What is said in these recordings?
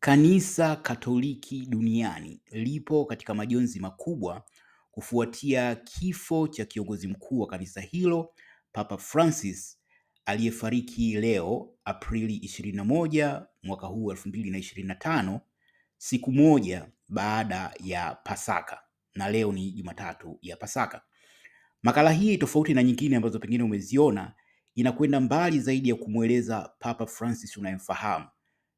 Kanisa Katoliki duniani lipo katika majonzi makubwa kufuatia kifo cha kiongozi mkuu wa kanisa hilo Papa Francis aliyefariki leo Aprili ishirini na moja mwaka huu elfu mbili na ishirini na tano siku moja baada ya Pasaka na leo ni Jumatatu ya Pasaka. Makala hii tofauti na nyingine ambazo pengine umeziona inakwenda mbali zaidi ya kumweleza Papa Francis unayemfahamu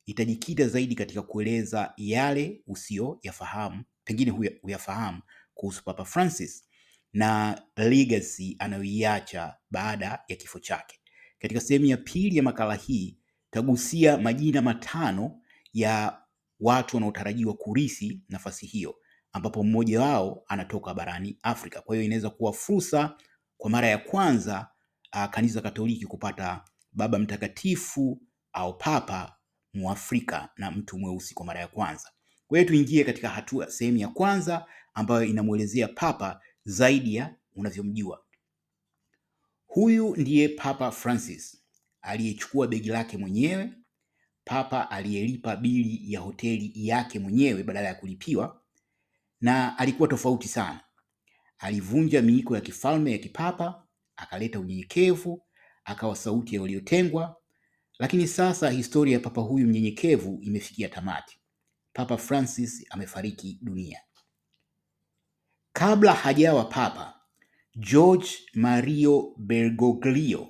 itajikita zaidi katika kueleza yale usiyoyafahamu, pengine huyafahamu kuhusu Papa Francis na legacy anayoiacha baada ya kifo chake. Katika sehemu ya pili ya makala hii tagusia majina matano ya watu wanaotarajiwa kurithi nafasi hiyo, ambapo mmoja wao anatoka barani Afrika. Kwa hiyo inaweza kuwa fursa kwa mara ya kwanza uh, kanisa Katoliki kupata baba mtakatifu au papa Mwafrika na mtu mweusi kwa mara ya kwanza. Kwa hiyo tuingie katika hatua sehemu ya kwanza ambayo inamwelezea Papa zaidi ya unavyomjua. Huyu ndiye Papa Francis aliyechukua begi lake mwenyewe, Papa aliyelipa bili ya hoteli yake mwenyewe badala ya kulipiwa, na alikuwa tofauti sana. Alivunja miiko ya kifalme ya kipapa, akaleta unyenyekevu, akawa sauti ya waliotengwa, lakini sasa historia ya papa huyu mnyenyekevu imefikia tamati. Papa Francis amefariki dunia. Kabla hajawa papa, George Mario Bergoglio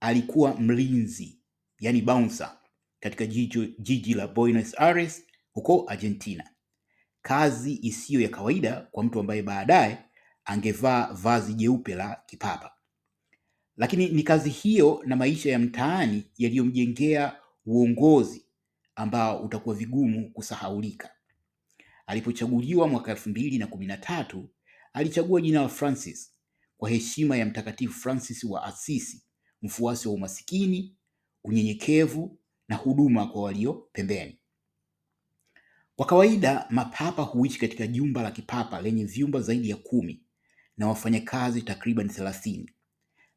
alikuwa mlinzi, yani bouncer katika jiji, jiji la Buenos Aires huko Argentina, kazi isiyo ya kawaida kwa mtu ambaye baadaye angevaa vazi jeupe la kipapa lakini ni kazi hiyo na maisha ya mtaani yaliyomjengea uongozi ambao utakuwa vigumu kusahaulika. Alipochaguliwa mwaka elfu mbili na kumi na tatu alichagua jina la Francis kwa heshima ya Mtakatifu Francis wa asisi mfuasi wa umasikini, unyenyekevu na huduma kwa walio pembeni. Kwa kawaida mapapa huishi katika jumba la kipapa lenye vyumba zaidi ya kumi na wafanyakazi takriban thelathini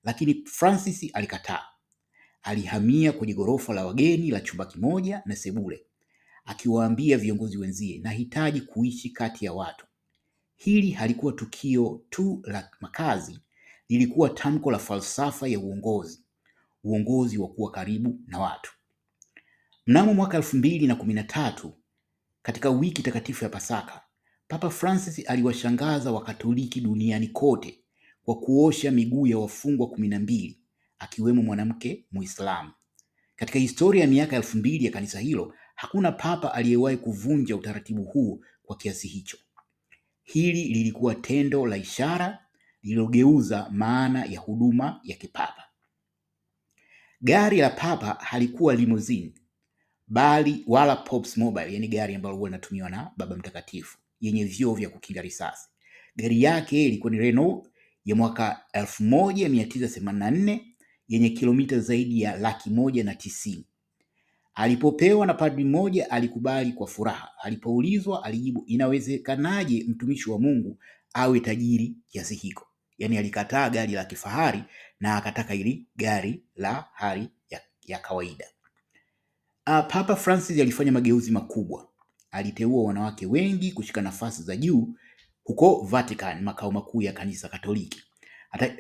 lakini Francis alikataa. Alihamia kwenye ghorofa la wageni la chumba kimoja na sebule, akiwaambia viongozi wenzie, nahitaji kuishi kati ya watu. Hili halikuwa tukio tu la makazi, lilikuwa tamko la falsafa ya uongozi, uongozi wa kuwa karibu na watu. Mnamo mwaka elfu mbili na kumi na tatu katika wiki takatifu ya Pasaka, Papa Francis aliwashangaza Wakatoliki duniani kote kwa kuosha miguu ya wafungwa kumi na mbili akiwemo mwanamke Muislamu. Katika historia ya miaka elfu mbili ya kanisa hilo hakuna papa aliyewahi kuvunja utaratibu huu kwa kiasi hicho. Hili lilikuwa tendo la ishara lililogeuza maana ya huduma ya kipapa. Gari la papa halikuwa limousine bali wala pops Mobile, yani gari ambalo huwa linatumiwa na Baba Mtakatifu yenye vioo vya kukinga risasi. Gari yake ilikuwa ni Renault ya mwaka 1984 yenye kilomita zaidi ya laki moja na tisini. Alipopewa na padri mmoja alikubali kwa furaha. Alipoulizwa alijibu, inawezekanaje mtumishi wa Mungu awe tajiri kiasi hiko? Yaani alikataa gari la kifahari na akataka ili gari la hali ya, ya kawaida. Uh, Papa Francis alifanya mageuzi makubwa. Aliteua wanawake wengi kushika nafasi za juu huko Vatican, makao makuu ya kanisa Katoliki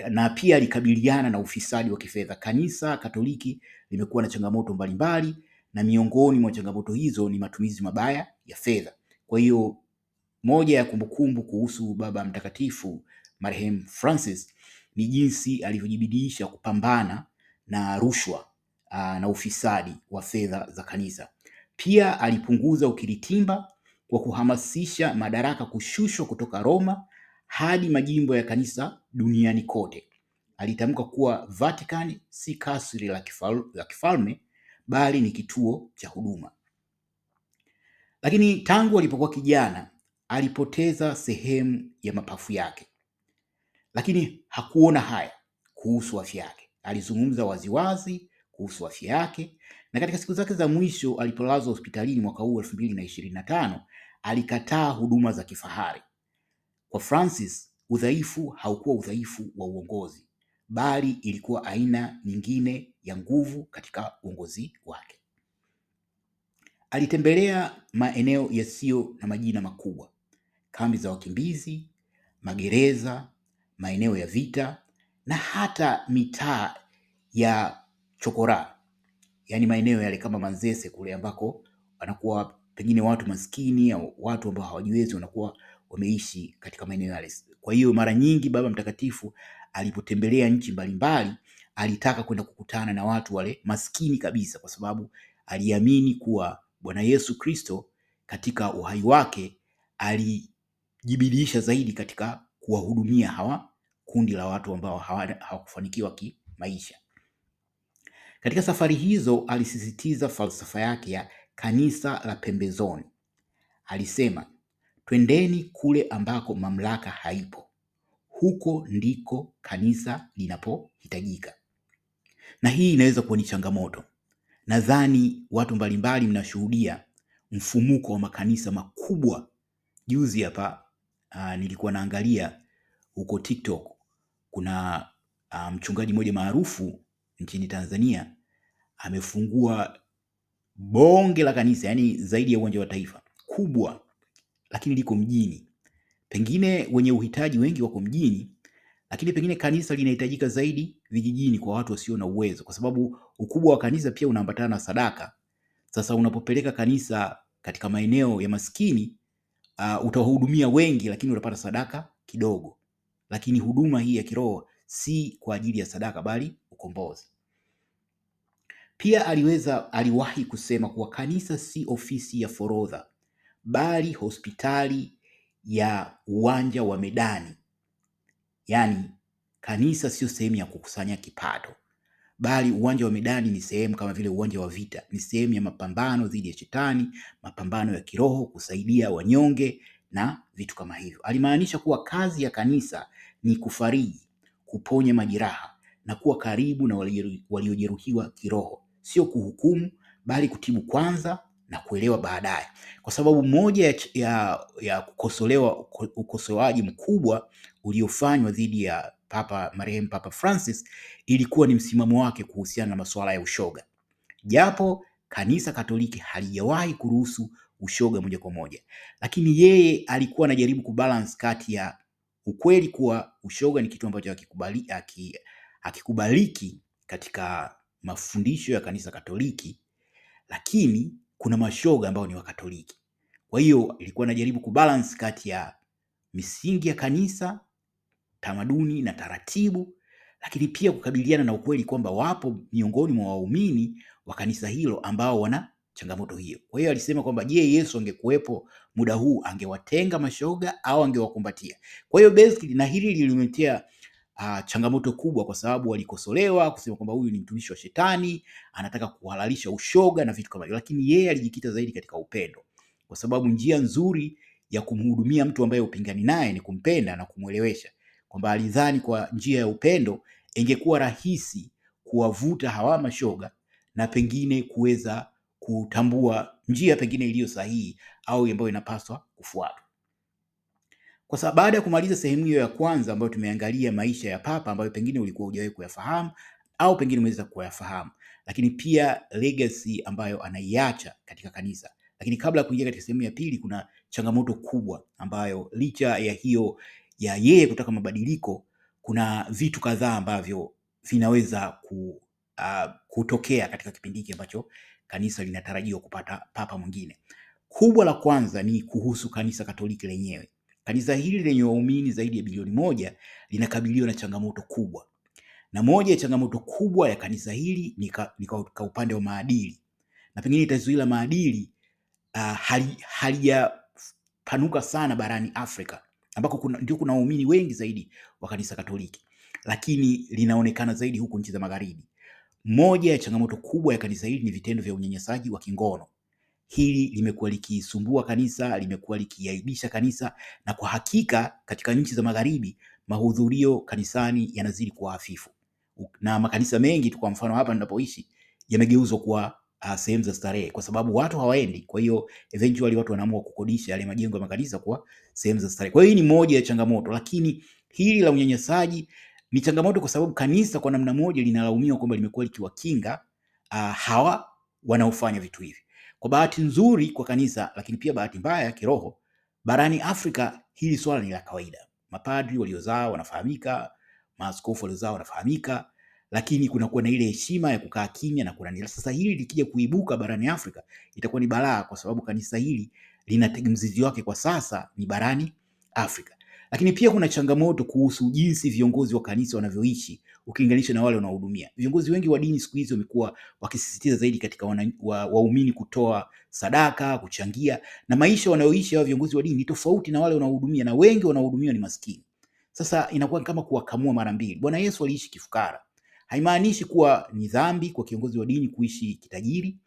na pia alikabiliana na ufisadi wa kifedha. Kanisa Katoliki limekuwa na changamoto mbalimbali, na miongoni mwa changamoto hizo ni matumizi mabaya ya fedha. Kwa hiyo moja ya kumbukumbu kuhusu Baba Mtakatifu marehemu Francis ni jinsi alivyojibidiisha kupambana na rushwa ah, na ufisadi wa fedha za kanisa. Pia alipunguza ukiritimba kwa kuhamasisha madaraka kushushwa kutoka Roma hadi majimbo ya kanisa duniani kote. Alitamka kuwa Vatican si kasri la la kifalme bali ni kituo cha huduma. Lakini tangu alipokuwa kijana alipoteza sehemu ya mapafu yake, lakini hakuona haya kuhusu afya yake. Alizungumza waziwazi kuhusu afya yake, na katika siku zake za mwisho alipolazwa hospitalini mwaka huu elfu mbili na ishirini na tano alikataa huduma za kifahari. Kwa Francis, udhaifu haukuwa udhaifu wa uongozi, bali ilikuwa aina nyingine ya nguvu katika uongozi wake. Alitembelea maeneo yasiyo na majina makubwa, kambi za wakimbizi, magereza, maeneo ya vita na hata mitaa ya chokora, yaani maeneo yale kama Manzese kule ambako wanakuwa pengine watu maskini au watu ambao hawajiwezi wanakuwa wameishi katika maeneo yale. Kwa hiyo mara nyingi Baba Mtakatifu alipotembelea nchi mbalimbali, alitaka kwenda kukutana na watu wale maskini kabisa, kwa sababu aliamini kuwa Bwana Yesu Kristo katika uhai wake alijibidiisha zaidi katika kuwahudumia hawa kundi la watu ambao hawakufanikiwa kimaisha. Katika safari hizo alisisitiza falsafa yake ya kanisa la pembezoni. Alisema, twendeni kule ambako mamlaka haipo, huko ndiko kanisa linapohitajika. Na hii inaweza kuwa ni changamoto. Nadhani watu mbalimbali mnashuhudia mfumuko wa makanisa makubwa. Juzi hapa ah, nilikuwa naangalia huko TikTok kuna ah, mchungaji mmoja maarufu nchini Tanzania amefungua bonge la kanisa, yani zaidi ya uwanja wa Taifa, kubwa lakini liko mjini. Pengine wenye uhitaji wengi wako mjini, lakini pengine kanisa linahitajika zaidi vijijini kwa watu wasio na uwezo, kwa sababu ukubwa wa kanisa pia unaambatana na sadaka. Sasa unapopeleka kanisa katika maeneo ya maskini uh, utawahudumia wengi, lakini utapata sadaka kidogo. Lakini huduma hii ya kiroho si kwa ajili ya sadaka, bali ukombozi. Pia aliweza aliwahi kusema kuwa kanisa si ofisi ya forodha, bali hospitali ya uwanja wa medani. Yaani, kanisa sio sehemu ya kukusanya kipato, bali uwanja wa medani ni sehemu kama vile uwanja wa vita, ni sehemu ya mapambano dhidi ya shetani, mapambano ya kiroho, kusaidia wanyonge na vitu kama hivyo. Alimaanisha kuwa kazi ya kanisa ni kufariji, kuponya majeraha na kuwa karibu na waliojeruhiwa kiroho sio kuhukumu, bali kutibu kwanza na kuelewa baadaye, kwa sababu moja ya, ya, ya kukosolewa ukosoaji mkubwa uliofanywa dhidi ya Papa marehemu Papa Francis ilikuwa ni msimamo wake kuhusiana na masuala ya ushoga, japo Kanisa Katoliki halijawahi kuruhusu ushoga moja kwa moja, lakini yeye alikuwa anajaribu kubalance kati ya ukweli kuwa ushoga ni kitu ambacho hakikubaliki katika mafundisho ya kanisa Katoliki, lakini kuna mashoga ambao ni Wakatoliki. Kwa hiyo ilikuwa najaribu kubalance kati ya misingi ya kanisa, tamaduni na taratibu, lakini pia kukabiliana na ukweli kwamba wapo miongoni mwa waumini wa kanisa hilo ambao wana changamoto hiyo. Kwa hiyo alisema kwamba je, Yesu angekuwepo muda huu angewatenga mashoga au angewakumbatia? Kwa hiyo basically, na hili lilimtia uh, changamoto kubwa, kwa sababu walikosolewa kusema kwamba huyu ni mtumishi wa shetani, anataka kuhalalisha ushoga na vitu kama hivyo, lakini yeye alijikita zaidi katika upendo, kwa sababu njia nzuri ya kumhudumia mtu ambaye upingani naye ni kumpenda na kumwelewesha, kwamba alidhani kwa njia ya upendo ingekuwa rahisi kuwavuta hawa mashoga na pengine kuweza kutambua njia pengine iliyo sahihi au ambayo inapaswa kufuatwa. Kwa sababu baada ya kumaliza sehemu hiyo ya kwanza ambayo tumeangalia maisha ya Papa ambayo pengine ulikuwa hujawahi kuyafahamu au pengine umeweza kuyafahamu, lakini pia legacy ambayo anaiacha katika kanisa. Lakini kabla ya kuingia katika sehemu ya pili, kuna changamoto kubwa ambayo licha ya hiyo ya yeye kutaka mabadiliko, kuna vitu kadhaa ambavyo vinaweza ku, uh, kutokea katika kipindi hiki ambacho kanisa linatarajiwa kupata papa mwingine. Kubwa la kwanza ni kuhusu kanisa Katoliki lenyewe Kanisa hili lenye waumini zaidi ya bilioni moja linakabiliwa na changamoto kubwa, na moja ya changamoto kubwa ya kanisa hili ni ka, ni ka upande wa maadili, na pengine tatizo la maadili uh, halijapanuka sana barani Afrika ambako kuna, ndio kuna waumini wengi zaidi wa kanisa Katoliki, lakini linaonekana zaidi huku nchi za magharibi. Moja ya changamoto kubwa ya kanisa hili ni vitendo vya unyanyasaji wa kingono hili limekuwa likisumbua kanisa, limekuwa likiaibisha kanisa, na kwa hakika katika nchi za magharibi mahudhurio kanisani yanazidi kuwa hafifu, na makanisa mengi tu, kwa mfano hapa ninapoishi, yamegeuzwa kuwa uh, sehemu za starehe, kwa sababu watu hawaendi. Kwa hiyo eventually watu wanaamua kukodisha yale majengo ya makanisa kuwa sehemu za starehe. Kwa hiyo hii ni moja ya changamoto, lakini hili la unyanyasaji ni changamoto kwa sababu kanisa kwa namna moja linalaumiwa kwamba limekuwa likiwakinga uh, hawa wanaofanya vitu hivi. Kwa bahati nzuri kwa kanisa, lakini pia bahati mbaya ya kiroho, barani Afrika hili swala ni la kawaida. Mapadri waliozaa wanafahamika, maaskofu waliozaa wanafahamika, lakini kunakuwa na ile heshima ya kukaa kimya na kunani. Sasa hili likija kuibuka barani Afrika itakuwa ni balaa, kwa sababu kanisa hili lina mzizi wake kwa sasa ni barani Afrika. Lakini pia kuna changamoto kuhusu jinsi viongozi wa kanisa wanavyoishi ukilinganisha na wale wanaohudumia. Viongozi wengi wa dini siku hizi wamekuwa wakisisitiza zaidi katika waumini wa kutoa sadaka, kuchangia, na maisha wanayoishi hao viongozi wa dini ni tofauti na wale wanaohudumia, na wengi wanaohudumiwa ni maskini. Sasa inakuwa kama kuwakamua mara mbili. Bwana Yesu aliishi kifukara, haimaanishi kuwa ni dhambi kwa kiongozi wa dini kuishi kitajiri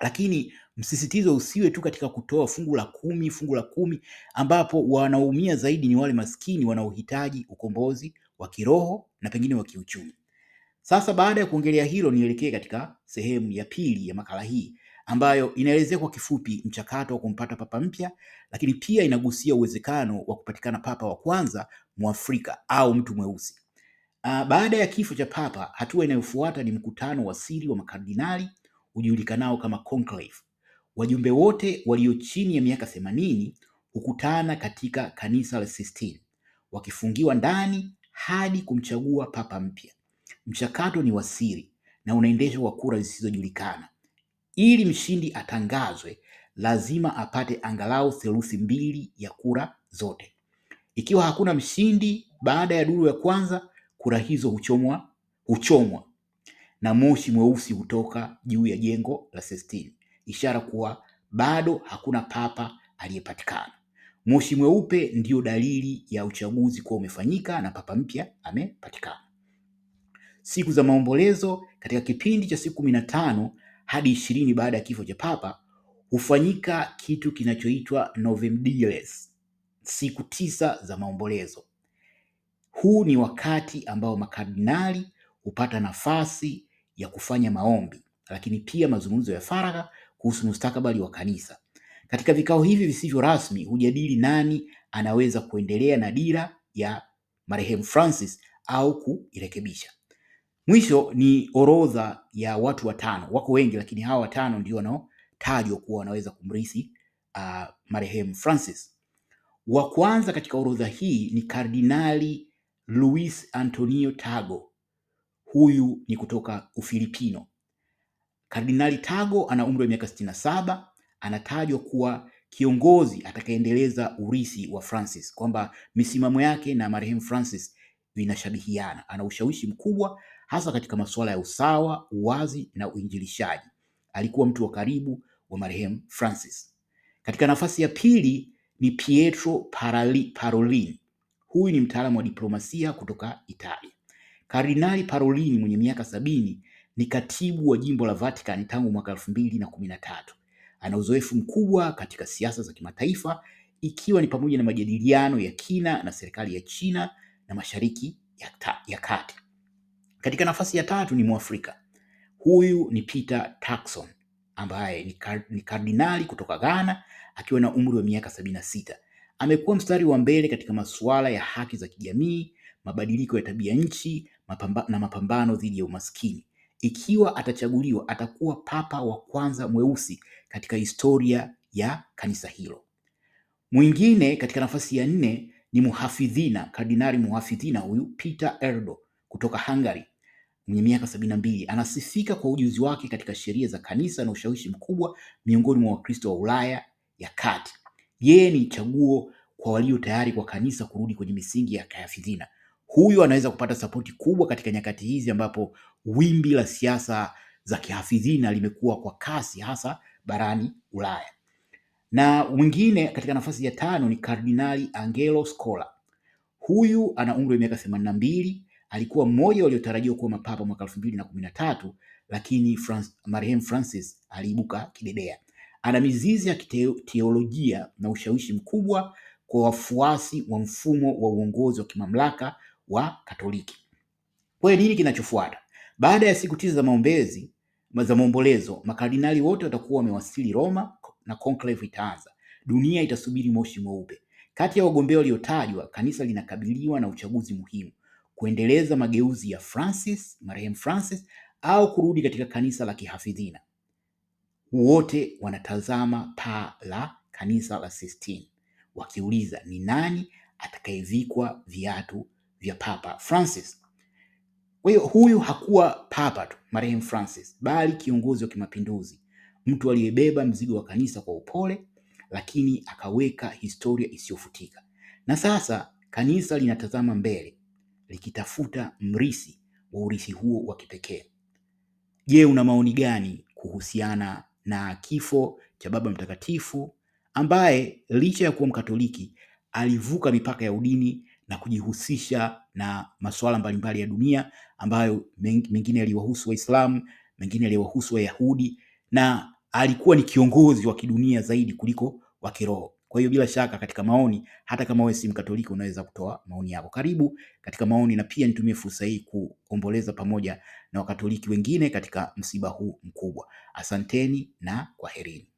lakini msisitizo usiwe tu katika kutoa fungu la kumi, fungu la kumi, ambapo wanaumia zaidi ni wale maskini wanaohitaji ukombozi, wa kiroho na pengine wa kiuchumi. Sasa baada ya kuongelea hilo, nielekee katika sehemu ya pili ya makala hii ambayo inaelezea kwa kifupi mchakato wa kumpata papa mpya, lakini pia inagusia uwezekano wa kupatikana papa wa kwanza Mwafrika au mtu mweusi. Uh, baada ya kifo cha papa, hatua inayofuata ni mkutano wa siri wa makardinali ujulikanao kama conclave. Wajumbe wote walio chini ya miaka themanini hukutana katika kanisa la Sistine wakifungiwa ndani hadi kumchagua papa mpya. Mchakato ni wa siri na unaendeshwa kwa kura zisizojulikana. Ili mshindi atangazwe, lazima apate angalau theluthi mbili ya kura zote. Ikiwa hakuna mshindi baada ya duru ya kwanza, kura hizo huchomwa huchomwa na moshi mweusi hutoka juu ya jengo la Sistine, ishara kuwa bado hakuna papa aliyepatikana. Moshi mweupe ndiyo dalili ya uchaguzi kuwa umefanyika na papa mpya amepatikana. Siku za maombolezo katika kipindi cha siku kumi na tano hadi ishirini baada ya kifo cha papa hufanyika kitu kinachoitwa Novemdires, siku tisa za maombolezo. Huu ni wakati ambao makardinali hupata nafasi ya kufanya maombi, lakini pia mazungumzo ya faragha kuhusu mustakabali wa kanisa. Katika vikao hivi visivyo rasmi hujadili nani anaweza kuendelea na dira ya marehemu Francis au kuirekebisha. Mwisho ni orodha ya watu watano, wako wengi lakini hawa watano ndio wanaotajwa kuwa wanaweza kumrithi uh, marehemu Francis. Wa kwanza katika orodha hii ni Kardinali Luis Antonio Tago. Huyu ni kutoka Ufilipino. Kardinali Tago ana umri wa miaka sitini na saba anatajwa kuwa kiongozi atakayeendeleza urisi wa Francis, kwamba misimamo yake na marehemu Francis vinashabihiana. Ana ushawishi mkubwa hasa katika masuala ya usawa, uwazi na uinjilishaji. Alikuwa mtu wa karibu wa marehemu Francis. Katika nafasi ya pili ni Pietro Parolin. Huyu ni mtaalamu wa diplomasia kutoka Italia. Kardinali Parolin mwenye miaka sabini ni katibu wa jimbo la Vatican tangu mwaka elfu mbili na kumi na tatu. Ana uzoefu mkubwa katika siasa za kimataifa ikiwa ni pamoja na majadiliano ya kina na serikali ya China na Mashariki ya, ta, ya Kati. Katika nafasi ya tatu ni Mwafrika. Huyu ni Peter Turkson ambaye ni, kar, ni kardinali kutoka Ghana akiwa na umri wa miaka sabini na sita. Amekuwa mstari wa mbele katika masuala ya haki za kijamii, mabadiliko ya tabia nchi mapamba, na mapambano dhidi ya umaskini. Ikiwa atachaguliwa, atakuwa papa wa kwanza mweusi katika historia ya kanisa hilo. Mwingine katika nafasi ya nne ni muhafidhina, kardinali muhafidhina huyu Peter Erdo kutoka Hungary mwenye miaka sabini na mbili anasifika kwa ujuzi wake katika sheria za kanisa na ushawishi mkubwa miongoni mwa Wakristo wa Ulaya ya kati. Yeye ni chaguo kwa walio tayari kwa kanisa kurudi kwenye misingi ya kihafidhina huyu anaweza kupata sapoti kubwa katika nyakati hizi ambapo wimbi la siasa za kihafidhina limekuwa kwa kasi hasa barani Ulaya. Na mwingine katika nafasi ya tano ni Kardinali Angelo Scola. Huyu ana umri wa miaka themanini na mbili. Alikuwa mmoja waliotarajiwa kuwa mapapa mwaka elfu mbili na kumi na tatu, lakini Francis, marehemu Francis aliibuka kidedea. Ana mizizi ya kiteolojia na ushawishi mkubwa kwa wafuasi wa mfumo wa uongozi wa kimamlaka wa Katoliki. Kwa hiyo nini kinachofuata? Baada ya siku tisa za maombezi za maombolezo, makardinali wote watakuwa wamewasili Roma na conclave itaanza. Dunia itasubiri moshi mweupe. Kati ya wagombea waliotajwa, kanisa linakabiliwa na uchaguzi muhimu: kuendeleza mageuzi ya Francis, marehemu Francis, au kurudi katika kanisa la kihafidhina. Wote wanatazama paa la kanisa la Sistine wakiuliza, ni nani atakayevikwa viatu vya Papa Francis. Kwa hiyo huyu hakuwa papa tu marehemu Francis, bali kiongozi wa kimapinduzi, mtu aliyebeba mzigo wa kanisa kwa upole, lakini akaweka historia isiyofutika. Na sasa kanisa linatazama mbele likitafuta mrisi wa urithi huo wa kipekee. Je, una maoni gani kuhusiana na kifo cha Baba Mtakatifu ambaye licha ya kuwa Mkatoliki alivuka mipaka ya udini na kujihusisha na masuala mbalimbali ya dunia ambayo mengine yaliwahusu Waislamu, mengine yaliwahusu Wayahudi na alikuwa ni kiongozi wa kidunia zaidi kuliko wa kiroho. Kwa hiyo bila shaka katika maoni, hata kama wewe si Mkatoliki, unaweza kutoa maoni yako. Karibu katika maoni, na pia nitumie fursa hii kuomboleza pamoja na Wakatoliki wengine katika msiba huu mkubwa. Asanteni na kwaherini.